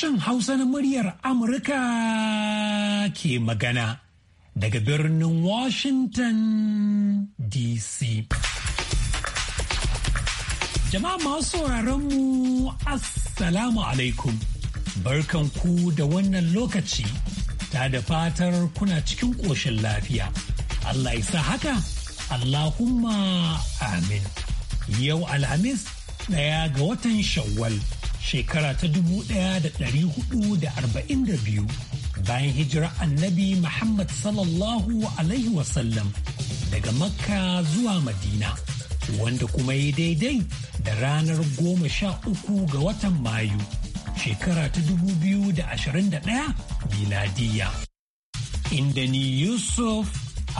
sashen Hausa na muryar Amurka ke magana daga birnin Washington DC. Jama'a masu mu Assalamu alaikum. Barkan ku da wannan lokaci ta da fatar kuna cikin ƙoshin lafiya. Allah isa haka, Allahumma amin. Yau Alhamis ɗaya ga watan Shawwal. shekara ta dubu da da da arba'in biyu bayan hijira annabi Muhammad sallallahu Alaihi wasallam daga Makka zuwa Madina, wanda kuma yi daidai da ranar goma sha uku ga watan Mayu, shekara ta da 2021 miladiya. Inda ni Yusuf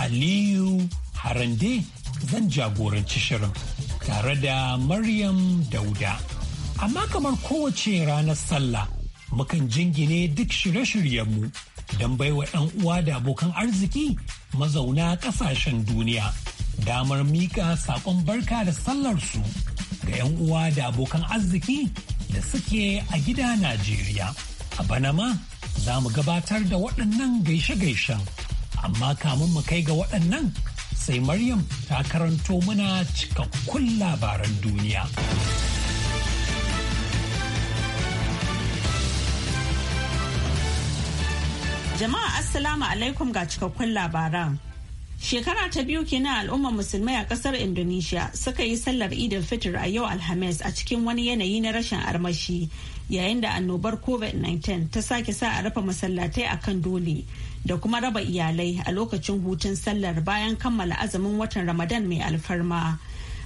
Aliyu Harande zan jagoranci shirin tare da Maryam Dauda. Amma kamar kowace ranar sallah, mukan jingine duk shirye-shiryenmu don baiwa 'yan uwa da abokan arziki mazauna ƙasashen duniya damar miƙa saƙon barka da sallarsu ga 'yan uwa da abokan arziki da suke a gida Najeriya. A bana ma za mu gabatar da waɗannan gaishe-gaishen, amma kamun mu kai ga waɗannan sai Maryam ta karanto mana cikakkun labaran duniya. Jama'a Assalamu alaikum ga cikakkun labaran. Shekara ta biyu kenan al'ummar musulmai a kasar Indonesia suka yi sallar Idil Fitr a yau Alhamis a cikin wani yanayi na rashin armashi yayin da annobar COVID-19 ta sake sa a rufe masallatai a kan dole da kuma raba iyalai a lokacin hutun sallar bayan kammala azumin watan Ramadan mai alfarma.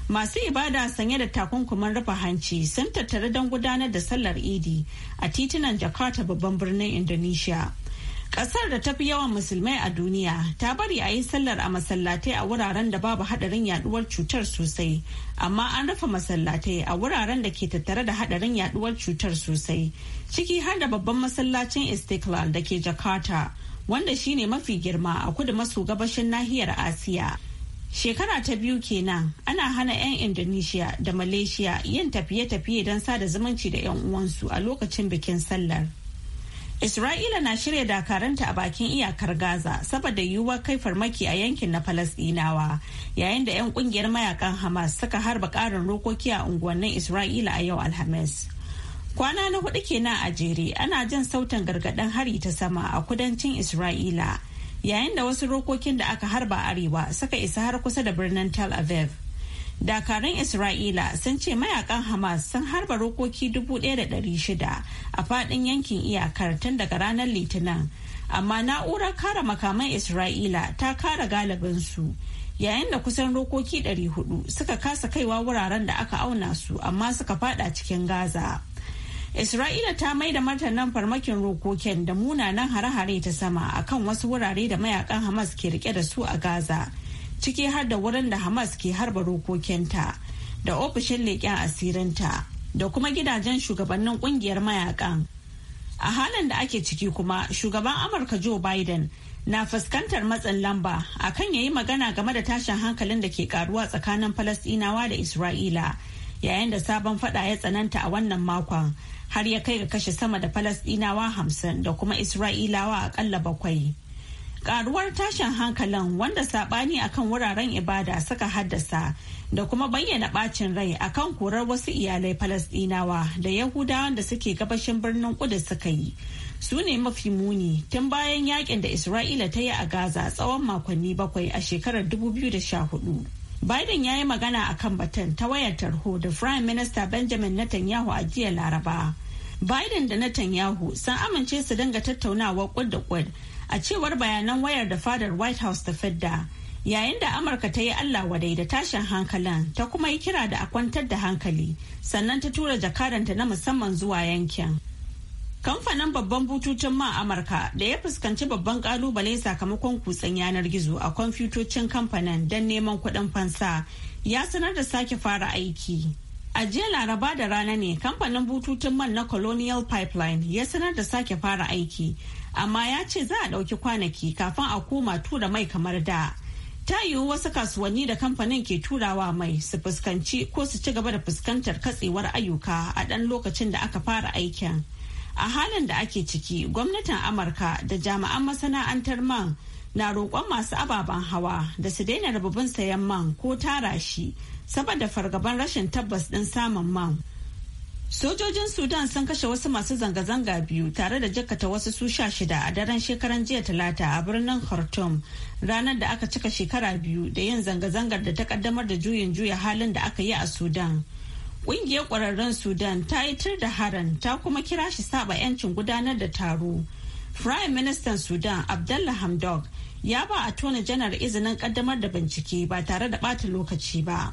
Masu ibada sanye da takunkuman rufe hanci sun tattare don gudanar da sallar Idi a titunan Jakarta babban birnin Indonesia. Ƙasar da ta fi yawan musulmai a duniya ta bari a yi sallar a masallatai a wuraren da babu haɗarin yaɗuwar cutar sosai, amma an rufe masallatai a wuraren da ke tattare da haɗarin yaɗuwar cutar sosai, ciki har da babban masallacin Istiklal da ke Jakarta, wanda shine mafi girma a kudu maso gabashin nahiyar Asiya. Shekara ta biyu kenan ana hana 'yan Indonesia da Malaysia yin tafiye-tafiye don sada zumunci da 'yan uwansu a lokacin bikin sallar. Isra'ila na shirya dakaranta a bakin iyakar Gaza saboda yiwuwar kai farmaki a yankin na Falasɗinawa yayin da 'yan kungiyar mayakan Hamas suka harba karin rokoki a unguwannin Isra'ila a yau Alhamis. Kwana na hudu kenan a jere ana jin sautin gargaɗin hari ta sama a kudancin Isra'ila yayin da wasu rokokin da aka harba arewa suka isa har kusa da birnin Tel Aviv. dakarun isra'ila sun ce mayakan hamas sun harba rokoki 1,600 a fadin yankin iyakar tun daga ranar litinin amma na'urar kare makaman isra'ila ta kare galibinsu yayin da kusan rokoki 400 suka kasa kaiwa wuraren da aka auna su amma suka fada cikin gaza isra'ila ta mai da martanin farmakin rokokin da munanan hare-hare ta sama akan wasu wurare da mayakan hamas ke rike da su a gaza ciki har da wurin da Hamas ke harba rokokinta da ofishin leƙen asirinta da kuma gidajen shugabannin ƙungiyar mayakan. A halin da ake ciki kuma shugaban Amurka Joe Biden na fuskantar matsin lamba a akan yayi magana game da tashin hankalin da ke karuwa tsakanin Falasɗinawa da Isra'ila yayin da sabon fada ya tsananta a wannan makon har ya kai ga kashe sama da Falasɗinawa hamsin da kuma Isra'ilawa akalla bakwai. karuwar tashin hankalin wanda sabani akan wuraren ibada suka haddasa da kuma bayyana bacin rai akan korar wasu iyalai falasdinawa da Yahudawa da suke gabashin birnin Kudu suka yi su ne mafi muni tun bayan yakin da isra'ila ta yi a gaza tsawon makonni bakwai a shekarar 2014 biden ya yi magana a kan batun ta wayar tarho da prime minister benjamin netanyahu a jiya laraba biden da netanyahu sun amince su dinga tattaunawar kud da kud a cewar bayanan wayar da fadar white house ta fidda yayin da amurka ta yi allah wadai da tashin hankalin ta kuma yi kira da a kwantar da hankali sannan ta tura jakaranta na musamman zuwa yankin kamfanin babban bututun man amurka da ya fuskanci babban kalubale sakamakon kutsen yanar gizo a kwamfutocin kamfanin don neman kuɗin fansa ya sanar da sake fara aiki a jiya laraba da rana ne kamfanin bututun man na colonial pipeline ya sanar da sake fara aiki amma ya ce za a ɗauki kwanaki kafin a koma tura mai kamar da. Ta yiwu wasu kasuwanni da kamfanin ke turawa mai su fuskanci ko su ci gaba da fuskantar katsewar ayyuka a ɗan lokacin da aka fara aikin. A halin da ake ciki, gwamnatin Amurka da jami'an masana'antar man na roƙon masu ababen hawa da su daina rububin sayan man ko tara shi saboda fargaban rashin tabbas ɗin samun man. Sojojin Sudan sun kashe wasu masu zanga-zanga biyu tare da jakata wasu su sha shida a daren shekaran jiya talata a birnin Khartoum ranar da aka cika shekara biyu da yin zanga-zangar da ta kaddamar da juyin juya halin da aka yi a Sudan. Ƙungiyar ƙwararren Sudan ta yi tir da haran ta kuma kira shi saba 'yancin gudanar da taro. Prime Minister Sudan Abdullah Hamdok ya ba a tona janar izinin kaddamar da bincike ba tare da ɓata lokaci ba.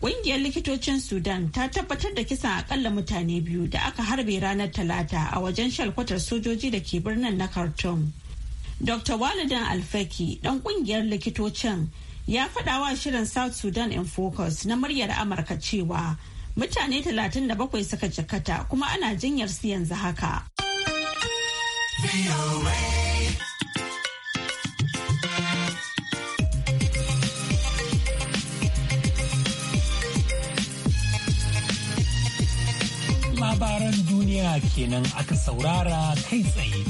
Ƙungiyar likitocin Sudan ta tabbatar da kisan akalla mutane biyu da aka harbe ranar Talata a wajen shalkwatar sojoji da ke birnin na Khartoum. Dr. Walidan Alfaki, ɗan ƙungiyar likitocin, ya faɗa wa shirin South Sudan in Focus na muryar Amurka cewa mutane 37 suka cikata kuma ana jinyar su yanzu haka. labaran duniya kenan aka saurara kai tsaye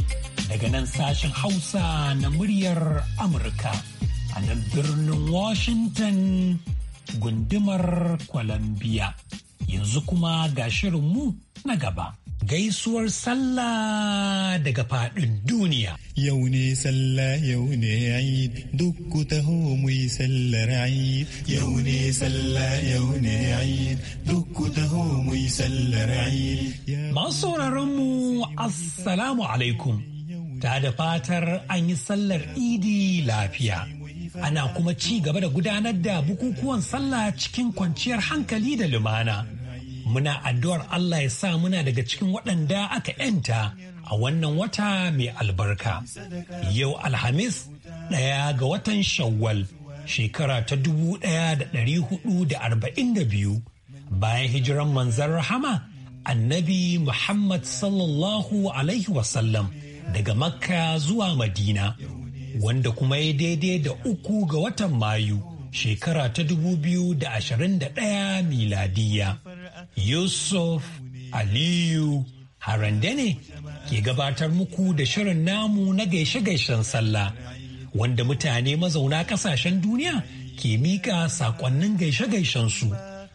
daga nan sashen hausa na muryar amurka a nan birnin washington gundumar columbia yanzu kuma ga shirinmu na gaba gaisuwar sallah daga faɗin duniya. Yau ne sallah yau ne aid duk taho mu sallar aid. Yau ne sallah yau ne aid duk taho mu sallar aid. Masu sauraron mu assalamu alaikum. Ta da fatar an yi sallar idi lafiya. Ana kuma ci gaba da gudanar da bukukuwan sallah cikin kwanciyar hankali da lumana. muna addu'ar Allah ya sa muna daga cikin waɗanda aka ‘yanta a wannan wata mai albarka. Yau Alhamis ɗaya ga watan Shawwal shekara ta dubu ɗaya da ɗari da arba'in da biyu, bayan hijiran manzan rahama annabi Muhammad sallallahu Alaihi wasallam daga Makka zuwa Madina wanda kuma ya daidai da uku ga watan Mayu shekara ta dubu biyu da ashirin da ɗaya miladiya. Yusuf Aliyu Harande ne ke gabatar muku da shirin namu na gaishe-gaishen sallah wanda mutane mazauna ƙasashen duniya ke mika saƙonnin gaishe-gaishensu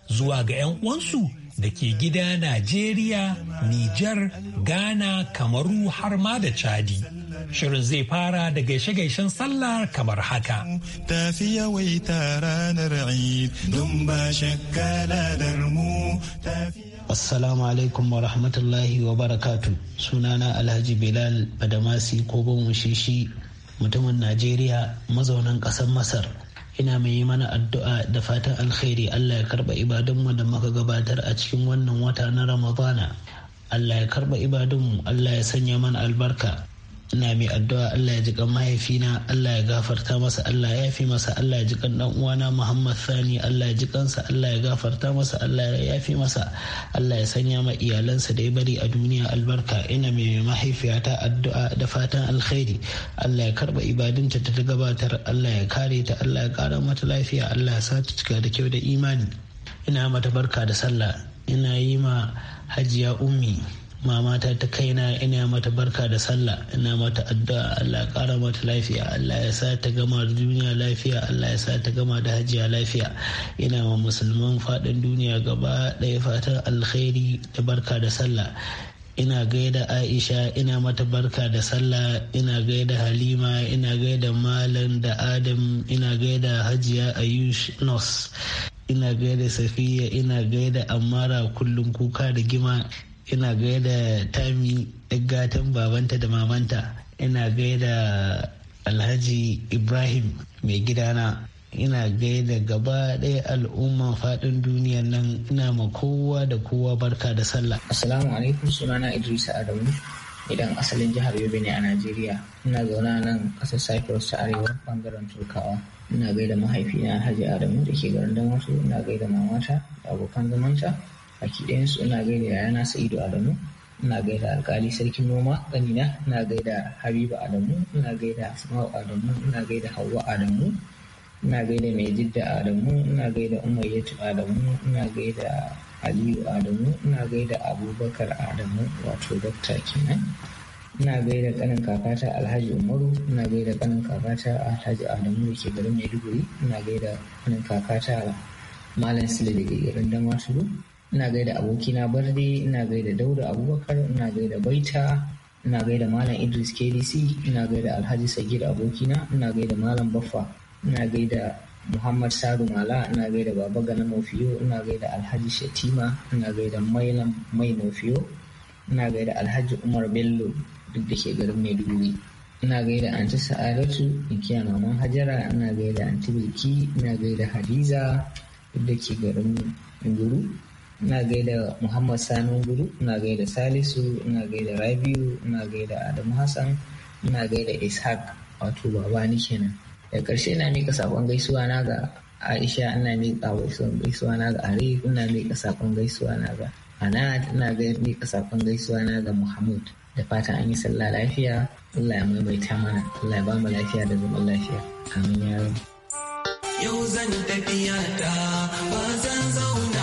zuwa ga 'yan uwansu da ke gida Najeriya, Nijar, Ghana, Kamaru har ma da Chadi. Shirin zai fara da gaishe-gaishen sallah kamar haka. Tafi yawaita ranar don ba Assalamu alaikum wa rahmatullahi wa barakatu. Sunana Alhaji Bilal Badamasi ko shishi. mutumin Najeriya mazaunan ƙasar Masar. Ina mai yi mana addu'a da fatan alkhairi Allah ya karba ibadunmu da muka gabatar a cikin wannan wata na Ramadana. Allah ya karba ibadunmu Allah ya sanya mana albarka ina mai addu'a Allah ya ji kan mahaifina Allah ya gafarta masa Allah ya yafi masa Allah ya ji kan dan uwana Muhammad Sani Allah ya ji kansa Allah ya gafarta masa Allah ya yafi masa Allah ya sanya ma iyalansa da ya bari a duniya albarka ina mai mahaifiyata addu'a da fatan alkhairi Allah ya karba ibadunta ta gabatar Allah ya kare ta Allah ya kara mata lafiya Allah ya sa ta cika da kyau da imani ina mata barka da sallah ina yi ma hajiya ummi mamata ta kaina ina mata barka da sallah ina mata addu'a Allah ya kara mata lafiya Allah ya sa ta gama da duniya lafiya Allah ya sa ta gama da hajiya lafiya ina ma musulman faɗin duniya gaba ɗaya fatan alkhairi da barka da sallah ina gaida aisha ina mata barka da sallah ina gaida halima ina gaida malam da adam ina gaida hajiya ayush nos ina gaida safiya ina gaida amara kullum kuka da gima ina gaida tami gatan babanta da mamanta ina gaida alhaji ibrahim mai gidana ina gaida gaba ɗaya al'umman faɗin duniya nan ina ma kowa da kowa barka da sallah. Assalamu alaikum sunana Idrisa Adamu idan asalin jihar Yobe ne a Najeriya. Ina zauna a nan ƙasar Cyprus ta arewa bangaren Turkawa. Ina gaida mahaifina Alhaji Adamu da ke garin Damasu, ina gaida mamata da abokan zamanta. baki ɗayansu ina gaida yayana sa'idu adamu ina gaida alkali sarkin noma ƙanina ina gaida habiba adamu ina gaida asma'u adamu ina gaida hauwa adamu ina gaida mai jidda adamu ina gaida umayyatu adamu ina gaida aliyu adamu ina gaida abubakar adamu wato dokta kenan ina gaida kanin kakata alhaji umaru ina gaida kanin kakata alhaji adamu da ke garin maiduguri ina gaida kanin kakata malam sule da ke garin damaturu ina gaida abokina barde ina gaida dauda abubakar ina gaida baita ina gaida malam idris kdc ina gaida alhaji sagir abokina ina gaida malam baffa ina gaida muhammad saru mala ina gaida baba gana mafiyo ina gaida alhaji shatima ina gaida mailam mai mafiyo ina gaida alhaji umar bello duk da ke garin maiduguri ina gaida anti sa'adatu inkiya maman hajara ina gaida anti bilki ina gaida hadiza duk da ke garin maiduguri ina gaida muhammad sani gudu ina gaida salisu ina gaida rabiu ina gaida adamu hassan ina gaida ishaq wato baba ni kenan da ƙarshe ina mika saƙon gaisuwa na ga aisha ina mika gaisuwa na ga arif ina mika saƙon gaisuwa na ga anad ina mika saƙon gaisuwa na ga muhammad da fatan an yi sallah lafiya Allah ya maimaita mana Allah ya ba mu lafiya da zaman lafiya amin ya yau zan tafiya ta ba zan zauna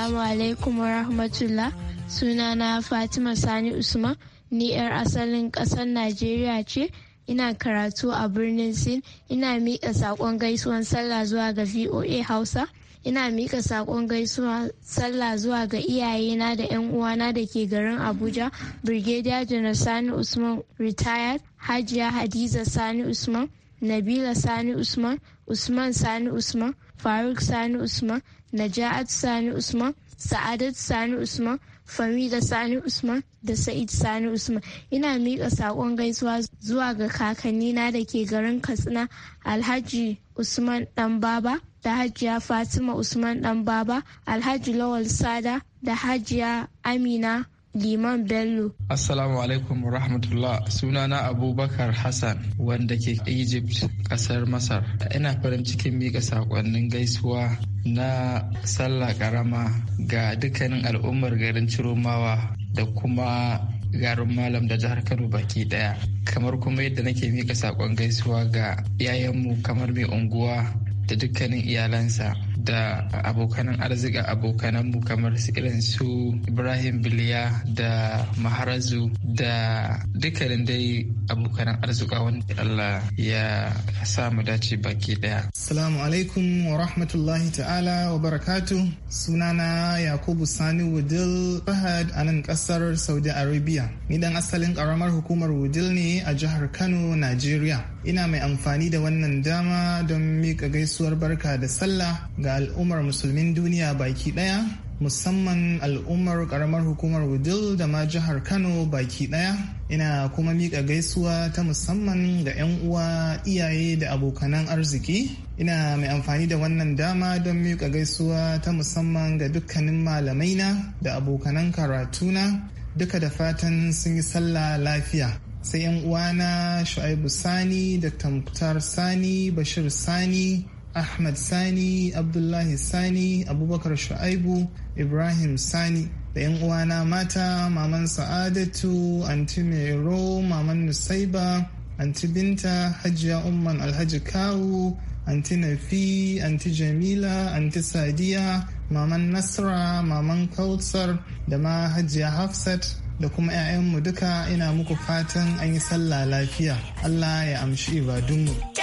Assalamu alaikum wa rahmatullah. Sunana Fatima Sani Usman, ni 'yar asalin ƙasar Najeriya ce. Ina karatu a birnin Sin, ina miƙa saƙon gaisuwan sallah zuwa ga VOA Hausa. Ina miƙa saƙon gaisuwa sallah zuwa ga iyayena da 'yan uwana da ke garin Abuja, Brigadier General Sani Usman retired, Hajiya Hadiza Sani Usman, Nabila Sani Usman, Usman Sani Usman, faruk sani usman naja'at sani usman sa'adat sani usman Farida Sani Usman da Sa'id Sani Usman. Ina miƙa saƙon gaisuwa zuwa ga kakannina da ke garin Katsina Alhaji Usman Dan da Hajiya Fatima Usman Dan Alhaji Lawal Sada da Hajiya Amina Liman Bello. Assalamu alaikum rahmatullah sunana Abubakar Hassan wanda ke Egypt kasar Masar. Ina farin cikin mika saƙonnin gaisuwa na sallah ƙarama ga dukkanin al'ummar garin Ciromawa da kuma garin malam da jihar Kano baki ɗaya, Kamar kuma yadda nake mika sakon gaisuwa ga 'ya'yanmu kamar mai unguwa da dukkanin iyalansa. da abokanan arzika abokananmu kamar su irin su ibrahim biliya da maharazu da dukkanin dai abokanan arzika wanda allah ya sa mu dace baki daya Salamu alaikum wa rahmatullahi ta'ala wa barakatu sunana yakubu sani wudil fahad a nan kasar saudi arabia ni dan asalin karamar hukumar wudil ne a jihar kano najeriya ina mai amfani da wannan dama don miƙa gaisuwar barka da sallah ga ga al'ummar musulmin duniya baki daya musamman al'ummar karamar hukumar wudil da ma jihar kano baki daya ina kuma miƙa gaisuwa ta musamman ga 'yan uwa iyaye da abokanan arziki ina mai amfani da wannan dama don mika gaisuwa ta musamman ga dukkanin malamaina da abokanan karatuna duka da fatan sun yi sallah lafiya sai 'yan uwana shu'aibu sani da tamtar sani bashir sani ahmad sani abdullahi sani abubakar shu'aibu ibrahim sani da yan uwana mata maman sa'adatu anti mero maman nusaiba anti binta hajiya umman alhaji kawu anti nafi anti jamila anti sadiya maman nasra maman kautsar da ma hajiya hafsat da kuma 'ya'yanmu duka ina muku fatan an yi sallah lafiya allah ya amshi ibadunmu.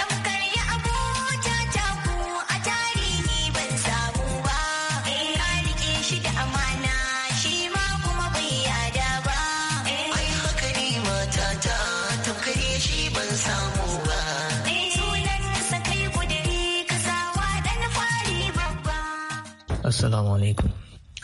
Assalamu alaikum.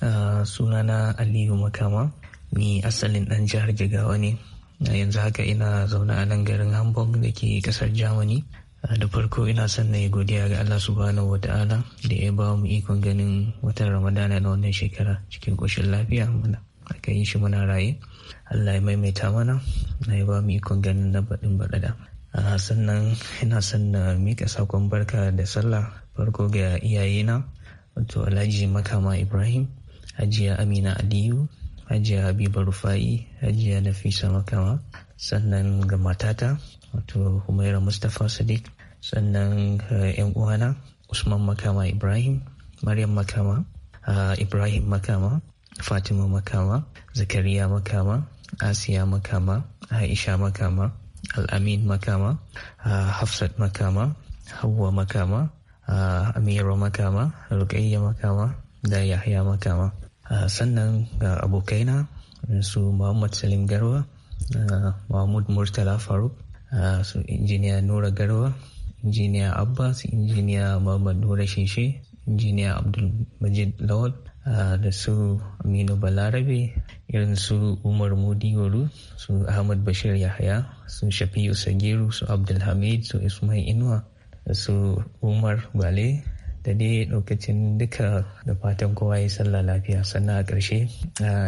Ah, sunana Aliyu Makama, ni asalin ɗan jihar Jigawa ne. Yanzu haka ina zaune a nan garin Hamburg da ke ƙasar Germany. Ah, da farko ina son na yi godiya ga Allah subhanahu wa ta'ala da ya ba mu ikon ganin watan ramadana na wannan shekara cikin ƙoshin lafiya muna aka yi shi muna raye Allah ya maimaita mana na ya ba mu ikon ganin na baɗin baɗaɗa ah, sannan ina son na miƙa sakon barka da sallah farko ga iyayena wato alhaji makama ibrahim hajiya amina aliyu hajiya habiba rufa'i hajiya nafisa makama sannan ga matata wato humaira mustapha sadiq sannan eh, yan uwana usman makama ibrahim maryam makama ah, ibrahim makama fatima makama zakariya makama asiya makama aisha makama al'amin makama ah, hafsat makama hawa makama Ah, amira makama rukayya makama da yahya makama ah, sannan ga ah, abokaina su muhammad salim uh, mahmud murtala faruk su injiniya nura Garwa, injiniya abbas injiniya muhammad nura shishe injiniya Abdul Majid lawal da su aminu balarabe irin su umar mudigoru su ahmad bashir yahya su shafi'u sagiru su abdulhamid su ismail inuwa su umar bale da dai lokacin duka da fatan kowa ya sallah lafiya sannan a ƙarshe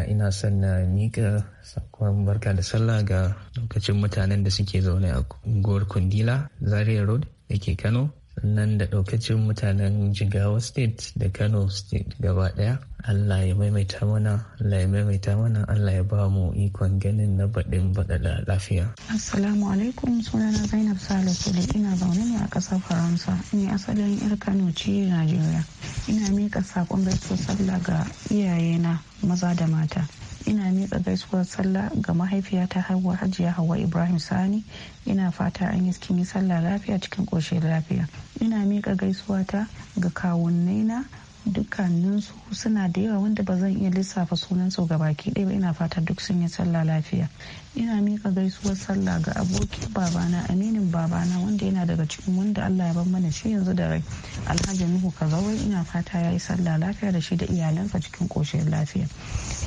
ina son na miƙa sakon barka da sallah ga lokacin mutanen da suke zaune a unguwar kundila zaria road da ke kano nan da ɗaukacin mutanen jigawa state da kano state gaba ɗaya allah ya maimaita mana allah ya maimaita mana allah ya ba mu ikon ganin na baɗin baɗaɗa lafiya assalamu alaikum sunana zainab salo kudi ina zaune ne a ƙasar faransa ni asalin yar kano ce najeriya ina miƙa saƙon bai sallah ga iyayena maza da mata ina miƙa gaisuwar sallah ga mahaifiyata haihuwar hajiya hawa ibrahim sani ina fata an yi cikin sallah lafiya cikin ƙoshin lafiya ina miƙa gaisuwata ga kawunnaina dukkaninsu suna da yawa wanda ba zan iya lissafa sunansu ga baki ɗaya ba ina fata duk sun yi sallah lafiya ina mika gaisuwar sallah ga abokin babana aminin babana wanda yana daga cikin wanda allah ya bar mana shi yanzu da rai alhaji nuhu kazawai ina fata ya yi sallah lafiya da shi da iyalansa cikin koshiyar lafiya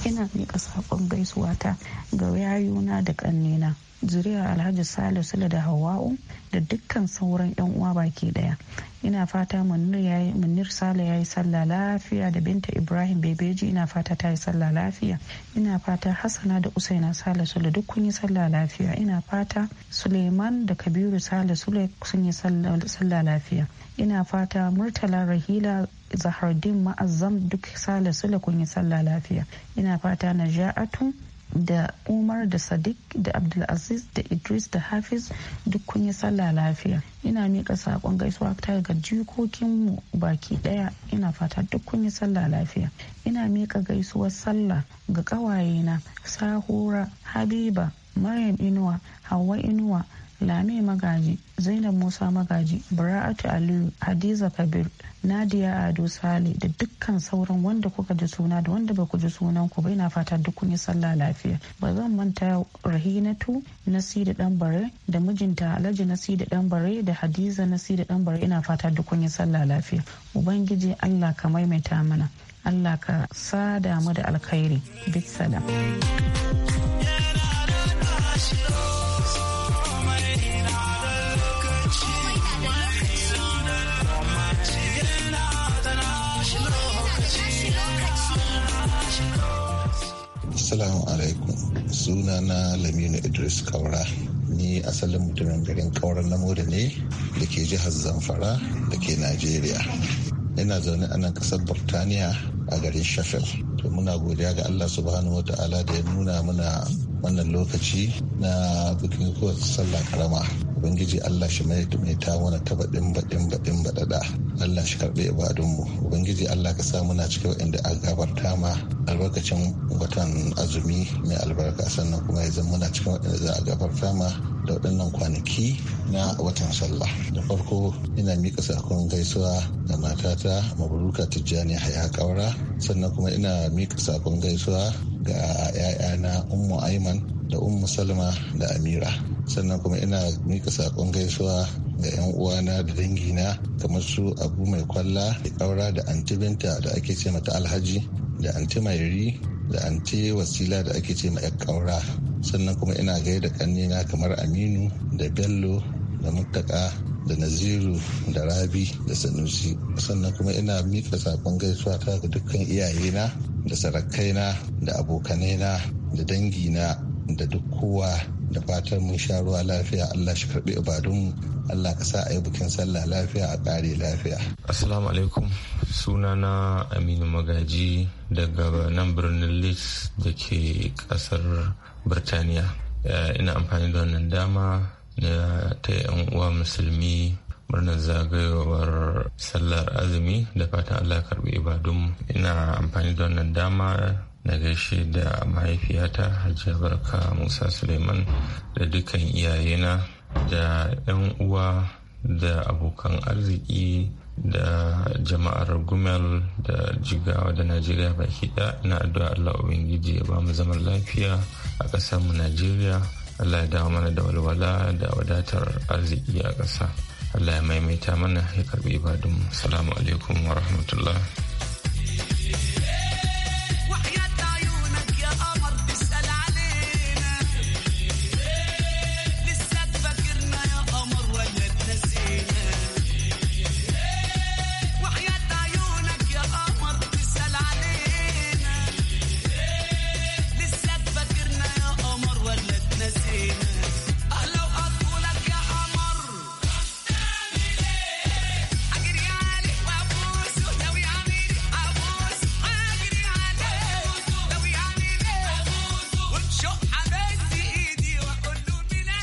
ina mika saƙon gaisuwata ga yayuna da ƙannena zuriyar alhaji sale sula da hawa'u da dukkan sauran yan uwa baki daya ina fata munir sale ya yi sallah lafiya da binta ibrahim bebeji ina fata ta yi sallah lafiya ina fata hassana da usaina sale sula duk kun yi sallah lafiya ina fata suleiman da kabiru sale sula sun yi sallah lafiya ina fata murtala rahila zahardin ma'azzam duk sale sula kun yi sallah lafiya ina fata naja'atu da umar da sadiq da abdulaziz da idris da hafiz duk kun yi sallah lafiya ina miƙa saƙon gaisuwa ta ga jikokinmu baki ɗaya ina fata duk kun yi sallah lafiya ina miƙa gaisuwar sallah ga ƙawayena sahura habiba maryam inuwa hawa inuwa lami magaji zainab musa magaji bara'atu aliyu hadiza kabir nadiya ado sale da dukkan sauran wanda kuka ji suna da wanda ba ku ji sunan ku bai na fata duk kun yi sallah lafiya ba zan manta rahinatu nasida danbare da mijinta alhaji nasida danbare da hadiza dan bare ina fata duk kun yi sallah lafiya ubangiji allah ka maimaita mana allah ka sada mu da alkhairi bisalam Assalamu alaikum. Suna na Laminu Idris Kaura. Ni asalin mutumin garin kaura na mode ne da ke jihar Zamfara da ke Najeriya. Ina zaune a nan ƙasar Burtaniya a garin Sheffield. To muna godiya ga Allah subhanahu wa ta'ala da ya nuna muna wannan lokaci na bikin kowace sallah karama. ubangiji allah shi mai ta wani ta baɗin baɗin baɗin baɗaɗa allah shi karɓi ibadunmu ubangiji allah ka samu muna cikin waɗanda a gabarta ma albarkacin watan azumi mai albarka sannan kuma ya zama muna cikin waɗanda za a gabarta ma da waɗannan kwanaki na watan sallah da farko ina miƙa sakon gaisuwa ga matata mabaruka tijjani haya kaura sannan kuma ina miƙa sakon gaisuwa ga 'ya'yana ummu aiman da ummu salma da amira sannan kuma ina mika saƙon gaisuwa ga 'yan uwana da dangina kamar su abu mai kwalla da kaura da Binta da ake ce mata alhaji da anti mairi da anti wasila da ake ce ma 'yan kaura sannan kuma ina gaida kannina kamar aminu da bello da muttaka da naziru da rabi da sanusi sannan kuma ina mika sakon gaisuwa ta ga dukkan iyayena da sarakaina da abokanaina da dangina da duk kowa da fatan mun sha ruwa lafiya Allah shi karbi ibadunmu Allah ka sa a yi bikin sallah lafiya a ƙare lafiya. Assalamu alaikum sunana Aminu Magaji daga nan birnin Leeds da ke ƙasar Birtaniya. Eh, ina amfani da wannan dama da ta yan uwa musulmi murnar zagayowar sallar azumi da fatan allah karbi ibadun ina amfani da wannan dama na gaishe da mahaifiyata hajiya barka musa suleiman da dukkan iyayena da yan uwa da abokan arziki da jama'ar gumel da jigawa da najeriya baki ɗaya na addu'a allah ubangiji ya ba mu zaman lafiya a ƙasar mu najeriya Allah ya dawo mana da walwala da wadatar arziki a ƙasa. Allah ya maimaita mana ya karbi mu. Salamu alaikum wa rahmatullah.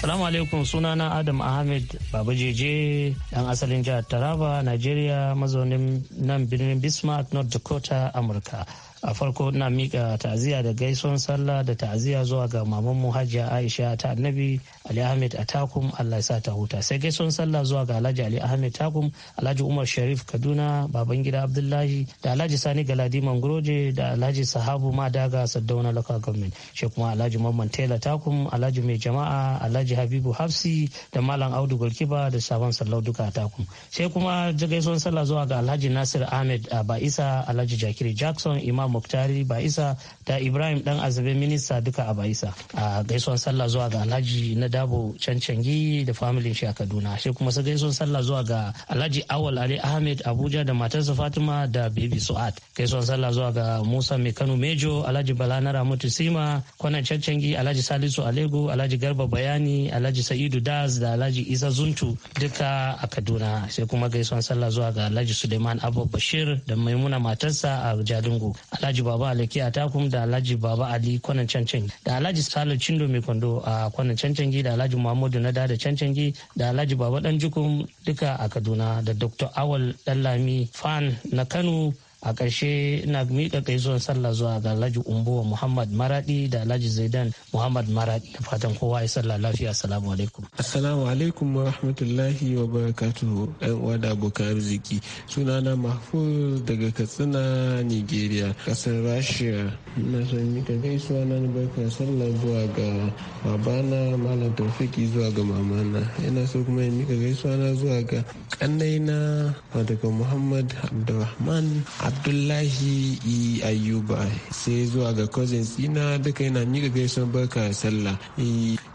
Salamu alaikum sunana Adam Ahmed Babajeje ɗan asalin jihar Taraba, Najeriya mazaunin nan birnin Bismarck, North Dakota, Amurka. a farko na mika ta'aziyya da gaisuwan sallah da ta'aziyya zuwa ga maman mu hajiya aisha ta annabi ali ahmed atakum allah sa ta huta sai gaisuwan sallah zuwa ga alhaji ali ahmed takum alhaji umar sharif kaduna babangida abdullahi da alhaji sani galadi mangroje da alhaji sahabu madaga sadauna local government shi kuma alhaji mamman taylor takum alhaji mai jama'a alhaji habibu hafsi da malam audu golkiba da sabon sallau duka takum sai kuma gaisuwan sallah zuwa ga alhaji nasir ahmed a isa alhaji jakiri jackson imam Muktari Baisa da Ibrahim Dan Azabe minista duka a Baisa. A gaisuwan sallah zuwa ga Alhaji na Dabo Cancangi da familin shi a Kaduna. Sai kuma sa gaisuwan sallah zuwa ga Alhaji Awal Ali Ahmed Abuja da matarsa Fatima da bibi Su'ad. Gaisuwan sallah zuwa ga Musa Mai Kano Mejo, Alhaji Bala na Ramutu Sima, Kwanan Cancangi, Alhaji Salisu Alego, Alhaji Garba Bayani, Alhaji Sa'idu Das da Alhaji Isa Zuntu duka a Kaduna. Sai kuma gaisuwan sallah zuwa ga Alhaji Suleiman Abba Bashir da Maimuna matarsa a Jalingo. alhaji baba alaki a takum da alhaji baba ali kwanan cancan da alhaji salo chindo mai kwando a kwanan cancan da alhaji muhammadu na da cancan da alhaji baba dan jukum duka a kaduna da dr awal dallami fan na kano a ƙarshe ina miƙa zuwan sallah zuwa ga alhaji umbuwa muhammad maradi da alhaji zaidan muhammad maradi da fatan kowa ya sallah lafiya assalamu alaikum assalamu alaikum wa rahmatullahi wa barakatuhu ɗan uwa da abokan arziki sunana mahfuz daga katsina nigeria ƙasar rashiya. ina son mika gaisuwa na barka sallah zuwa ga babana malam taufiki zuwa ga mamana ina so kuma in mika gaisuwa na zuwa ga na wadaka muhammad abdulrahman abdullahi i ayuba sai zuwa ga cousins ina duka ina mika gaisuwa barka sallah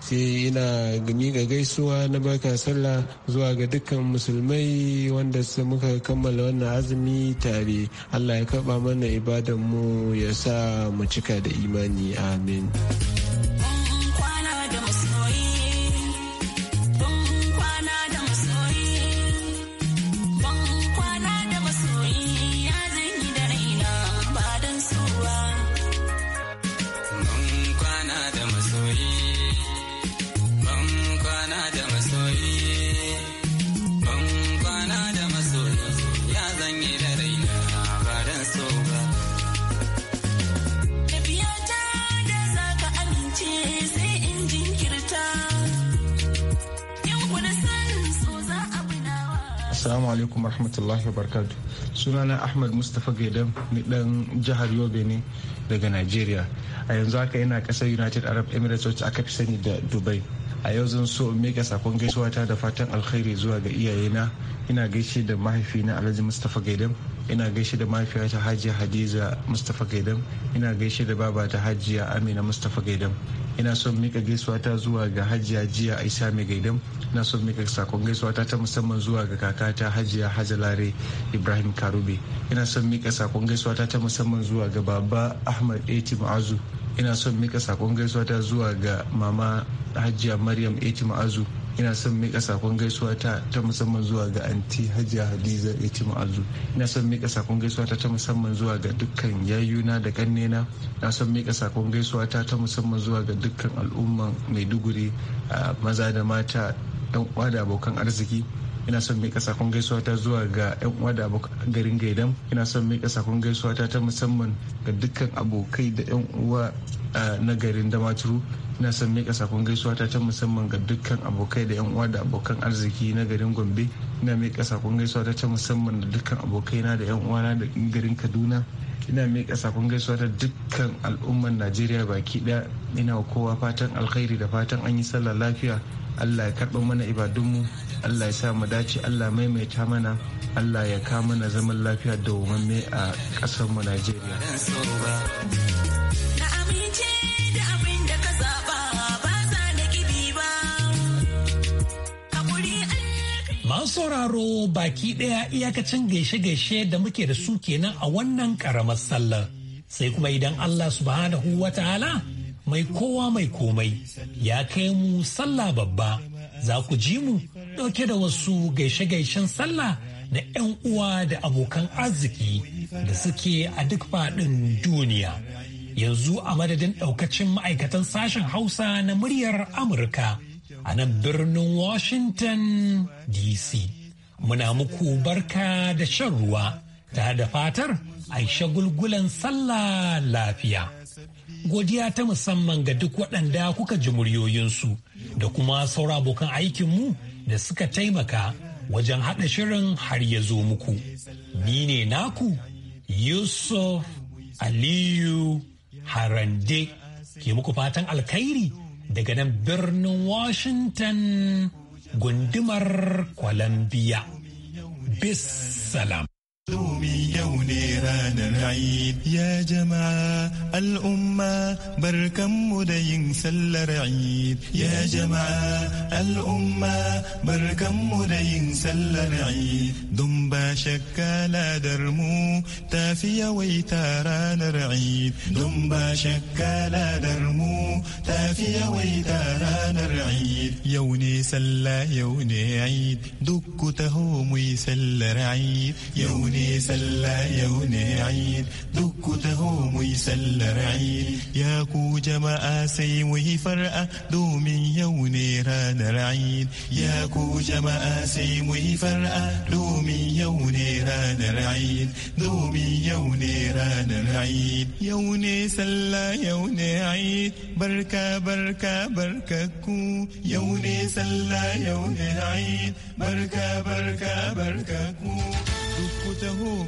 sai ina mika gaisuwa na barka sallah zuwa ga dukkan musulmai wanda su muka kammala wannan azumi tare allah ya kaba mana ibadan mu ya sa mu cika da imani amin. Assalamu alaikum warahmatullahi wabarakatuh. Sunana Ahmad Mustapha Gaidam ni dan jihar Yobe ne daga nigeria A yanzu haka ina kasar United Arab Emirates wacce aka fi sani da Dubai. A yau zan so in miƙa sakon gaisuwa ta da fatan alkhairi zuwa ga iyayena. Ina gaishe da mahaifina Alhaji Mustapha Gaidam. Ina gaishe da mahaifiyata Hajiya Hadiza Mustapha Gaidam. Ina gaishe da baba ta Hajiya Amina Mustapha Gaidam. ina son mika gaisuwa ta zuwa ga hajiya jiya aisha mai gaidan ina son mika sakon gaisuwa ta ta musamman zuwa ga kakata hajiya hajalare ibrahim karube ina son mika sakon gaisuwa ta ta musamman zuwa ga baba ahmad eti ma'azu ina son mika sakon gaisuwa ta zuwa ga mama hajiya maryam eti ma'azu ina son mika sakon gaisuwa ta ta musamman zuwa ga anti hajiya hadiza ci ma'azu ina son mika sakon gaisuwa ta ta musamman zuwa ga dukkan yayuna da kannena na son mika sakon gaisuwa ta ta musamman zuwa ga dukkan al'umman maiduguri maza da mata dan uwa da abokan arziki ina son mika sakon gaisuwa ta zuwa ga yan uwa da abokan garin gaidan ina son mika sakon gaisuwa ta ta musamman ga dukkan abokai da yan uwa na garin damaturu ina son miƙa sakon gaisuwa ta can musamman ga dukkan abokai da 'yan uwa da abokan arziki na garin gombe ina miƙa sakon gaisuwa ta can musamman da dukkan abokaina da 'yan uwa na da garin kaduna ina miƙa sakon gaisuwa ta dukkan al'ummar najeriya baki ɗaya ina kowa fatan alkhairi da fatan an yi sallah lafiya allah ya karɓa mana ibadunmu allah ya sa mu dace allah maimaita mana allah ya kawo mana zaman lafiya da a ƙasarmu najeriya Masu sauraro baki ɗaya iyakacin gaishe-gaishe da muke da su kenan a wannan ƙaramar sallar. Sai kuma idan Allah subhanahu wa ta'ala mai kowa mai komai ya kai mu sallah babba za ku ji mu ɗauke da wasu gaishe-gaishen sallah da 'yan uwa da abokan arziki da suke a duk faɗin duniya. Yanzu a madadin ɗaukacin ma'aikatan sashen Hausa na muryar Amurka. a nan birnin Washington DC. Muna muku barka da shan ruwa ta da fatar aisha gulgulan sallah lafiya. Godiya ta musamman ga duk waɗanda kuka ji muryoyinsu da kuma saura abokan aikinmu da suka taimaka wajen haɗa shirin har ya zo muku. Ni ne naku Yusuf Aliyu Harande ke muku fatan alkhairi daga nan birnin Washington gundumar Columbia. Bis salam. دومي ونيران العيد يا جماعة الأمة بركم مدين سلر عيد يا جماعة الأمة بركم مدين سلر عيد دمبا شكا لا درمو تافيا ويتاران العيد دمبا شكا لا درمو تافيا ويتاران العيد يوني سلا يوني عيد دكته ميسلر عيد يوني ne sallah yau ne ayin duk ku taho mu yi sallar ayin ya ku jama'a sai mu yi far'a domin yau ne ranar ayin ya ku jama'a sai mu yi far'a domin yau ne ranar ayin domin yau ne ranar ayin yau ne sallah yau ne ayin barka barka barka ku yau ne sallah yau ne ayin barka barka barka ku tukuta huu